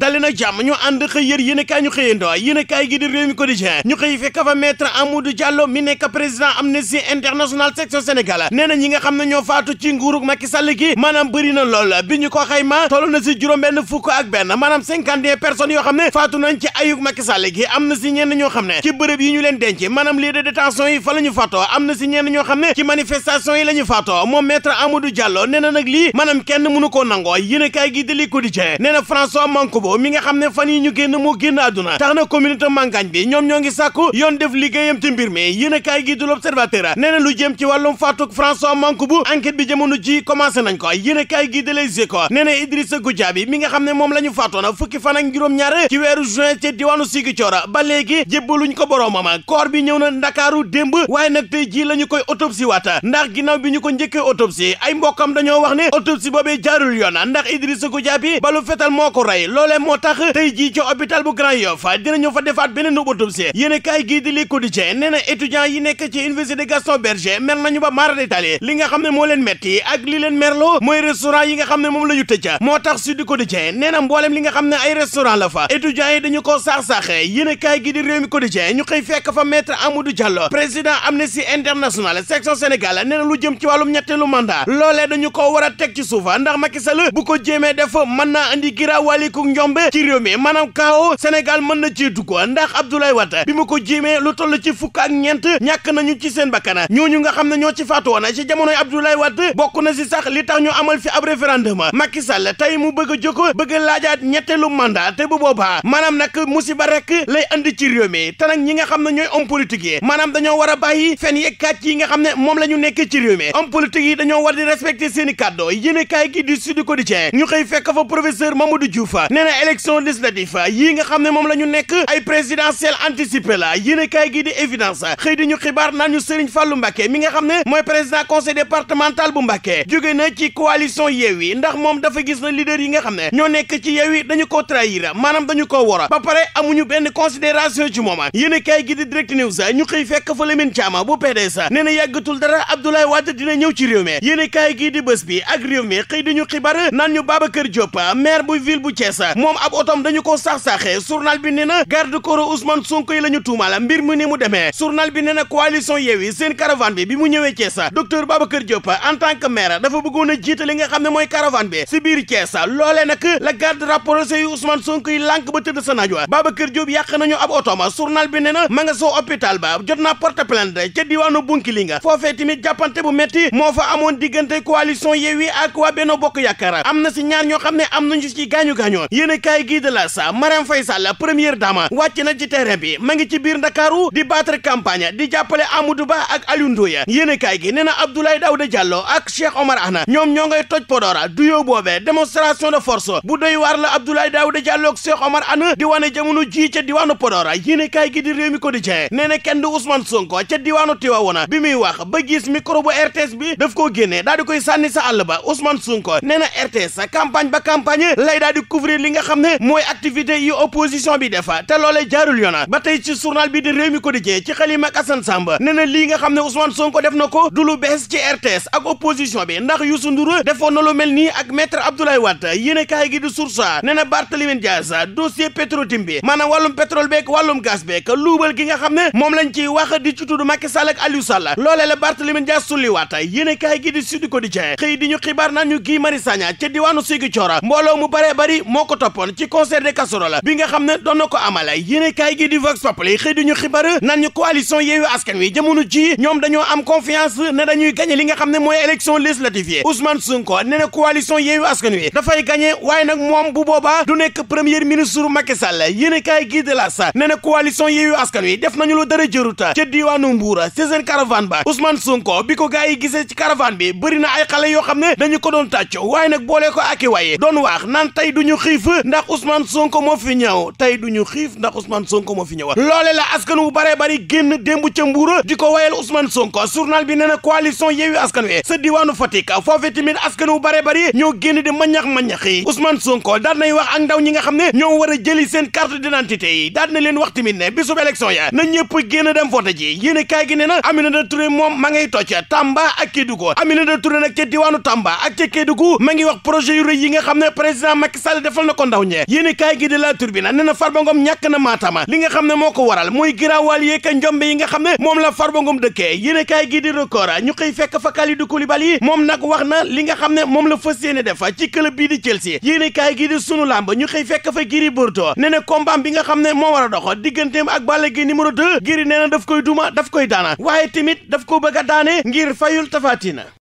dali na jàmm ñu ànd xëy yër yéen a kaay ñu xëyandoo yéen a kaay gi di réew mi quotidien ñu xëy fekk fa maître Amadou Diallo mi nekk président Amnesty International section Sénégal nee na ñi nga xam ne ñoo faatu ci nguurug Macky Sall gi maanaam bëri na lool bi ñu ko xayma toll na si juróom fuk fukk benn maanaam cinquante et un xam ne faatu nañ ci ayug Macky Sall gi am na ñenn ñoo xam ne ci bërëb yi ñu leen denc maanaam lieu de détention yi fa la ñu faatoo ñoo xam ne ci manifestation yi ñu faatoo moom maître Amadou Diallo nee na nag lii maanaam mënu koo nangoo yéen a kaay gi di li Mbobo mi nga xam ne fan yi ñu génn moo génn àdduna tax na communauté Mangagne bi ñoom ñoo ngi sàkku yoon def liggéeyam ci mbir mi yéen a kaay gi du l'Observateur nee na lu jëm ci wàllum faatuk François Mancabou enquête bi jamono ji commencé nañ ko a kaay mi nga xam ne moom la ñu faatoona fukki fan ak juróom-ñaar weeru juin ci diwaanu Ziguinchor ba léegi jébbaluñ ko boroomam corps bi ñëw na Ndakaaru démb waaye nag tey jii la ñu koy autopsie waata ndax ginnaaw bi ñu ko njëkkee autopsie ay mbokkam dañoo wax ne autopsie boobee jaarul yoon ndax Idrissa ko rey loole loolee moo tax tey jii ci hôpital bu Grand Yoff dinañu fa defaat beneen autopsie yéen kaay gii di Le Quotidien nee na étudiants yi nekk ci université Gaston Berger mer nañu ba mara détaillé li nga xam ne moo leen metti ak li leen merloo mooy restaurant yi nga xam ne moom la ñu tëj moo tax Sud Quotidien nee na mboolem li nga xam ne ay restaurant la fa étudiants yi dañu ko saax-saaxe yéen kaay gii di Rewmi Quotidien ñu xëy fekk fa maître ne Diallo président Amnesty International section Sénégal nee na lu jëm ci wàllum ñetteelu mandat loolee dañu ko war a teg ci suufa ndax Macky Sall bu ko jéemee def mën naa andi giraawaaliku njombe ci réew mi maanaam kaao Sénégal mën na cee dugg ndax Abdoulaye Wade bi ma ko jéemee lu toll ci fukk ak ñeent ñàkk nañu ci seen bakkana ñooñu nga xam ne ñoo ci faatu woon ci jamonoy Abdoulaye Wade bokk na si sax li tax ñu amal fi ab référendum Macky Sall tey mu bëgg a bëgg laajaat ñetteelu mandat te bu boobaa maanaam nag musiba rek lay andi ci réew mi te nag ñi nga xam ne ñooy homme politique yi maanaam dañoo war a bàyyi fen yeeg kàcc yi nga xam ne moom la ñu nekk ci réew mi homme dañoo war di respecter seen i kàddu xëy fekk fa professeur Mamadou Diouf ne nee na élection législative yii nga xam ne moom la ñu nekk ay présidentielle anticipée la yéene kaay gi di évidence xëy di ñu xibaar naan ñu Serigne Fallou Mbacké mi nga xam ne mooy président conseil départemental bu Mbacké jóge na ci coalition Yewwi ndax moom dafa gis na leader yi nga xam ne ñoo nekk ci Yewwi dañu ko trahir maanaam dañu ko wora ba pare amuñu benn considération ci moom yéene kaay gi di direct news ñu xëy fekk fa Lamine Thiam bu PDS nee na yàggatul dara Abdoulaye Wade dina ñëw ci réew mi yéene kaay gi di bés bi ak réew mi ñu xibaar naan ñu Babacar Diop maire bu ville bu Thiès moom ab otom dañu ko sax-saxee journal bi nee na garde corps Ousmane Sonko yi la ñu tuumaala mbir mu ni mu demee journal bi nee na coalition Yewwi seen caravane bi bi mu ñëwee Thiès docteur Babacar kër en tant que maire dafa bëggoon a jiite li nga xam ne mooy caravane bi si biir Thiès loolee nag la garde rapprochée yu Ousmane Sonko yi lànk ba tëdd sa naaj wa Babacar Diop yàq nañu ab otom journal bi nee na ma nga soo hôpital ba jot naa porte plainte ca diwaanu Bunkilinga foofee tamit jàppante bu metti moo fa amoon diggante coalition Yewwi ak waa Benno Bokk Yaakaar am na si ñaar ñoo xam ne am nañu ci gaañu gaañoo yéen kaay gii de la sa dama wàcc na ci terrain bi ma biir Ndakaaru di battre campagne di jàppale Amadou Ba ak Aliou Ndoye yéen kaay gi nee na Abdoulaye Daouda Diallo ak Cheikh Omar Anna ñoom ñoo ngay toj Podor du yow boobee démonstration de force bu doy la Abdoulaye Daouda Diallo ak Omar Anna di wane jamono ji ca diwaanu Podor yéen kaay gi di Rewmi Quotidien nee na kenn du Ousmane Sonko ca diwaanu Tivaouane bi muy wax ba gis nga xam ne mooy activité yi opposition bi defa te loolee jaarul yoon ba tey ci journal bi di réew mi quotidien ci xalima ak Assane Samba na lii nga xam ne Ousmane Sonko def na ko du lu bees ci RTS ak opposition bi ndax Youssou Ndour defoon na lu mel nii ak maître Abdoulaye Wade yéene kaay gi di Source A nee na Barthélémy Dias dossier Petro-Tim bi maanaam wàllum pétrole beeg luubal gi nga xam ne moom lañ ciy wax di ci tudd Macky Sall ak Aliou Sall la Barthélémy Dias sulliwaat yéene kaay gi di Sud Quotidien xëy di ñu xibaar naan ñu toppoon ci concert de casserole bi nga xam ne doon na ko amal yéene kaay gi di Vox Populi xëy di ñu xibaar naan ñu coalition Yewwi Askan Wi jamono ji ñoom dañoo am confiance ne dañuy gagné li nga xam ne mooy élection législative yi Ousmane Sonko nee na coalition Yewwi Askan Wi dafay gagné waaye moom bu du nekk premier ministre Macky Sall yéene kaay gi de la sa Askan Wi def nañu lu dara jëruta ca diwaanu Mbour ci ba Ousmane Sonko bi ko gaa yi na ay ndax Ousmane Sonko moo fi ñëw tey du ñu xiif ndax Ousmane Sonko moo fi ñëw loole la askan wu baree bari génn démb ca Mbuur di ko wayal Ousmane Sonko journal bi nee na coalition Yewwi Askan Wi sa diwaanu Fatick foofee tamit askan wu baree bari ñoo génn di mañax mañax yi Ousmane Sonko daan nay wax ak ndaw ñi nga xam ne ñoo war a jëli seen carte d'identité yi daan na leen wax tamit ne bisub élection ya na ñëpp génn dem vote ji yéene kaay gi nee na Aminata Touré moom ndaw ñee yéen kaay gi de la turbina nee na Farba Ngom ñàkk na maatama li nga xam ne moo ko waral muy giraawaal yeeka njombe yi nga xam ne moom la Farba Ngom dëkkee yéen kaay gi di record ñu xëy fekk fa Kalidou Koulibaly moom nag wax na li nga xam ne moom la fas yéene def ci club bii di Chelsea yéen kaay gi di sunu làmb ñu xëy fekk fa Gris Bordeaux nee na combat bi nga xam ne moo war a dox digganteem ak Balla Gaye numéro 2 Gris nee na daf koy duma daf koy waaye tamit daf ko bëgg a daane ngir fayul tafatina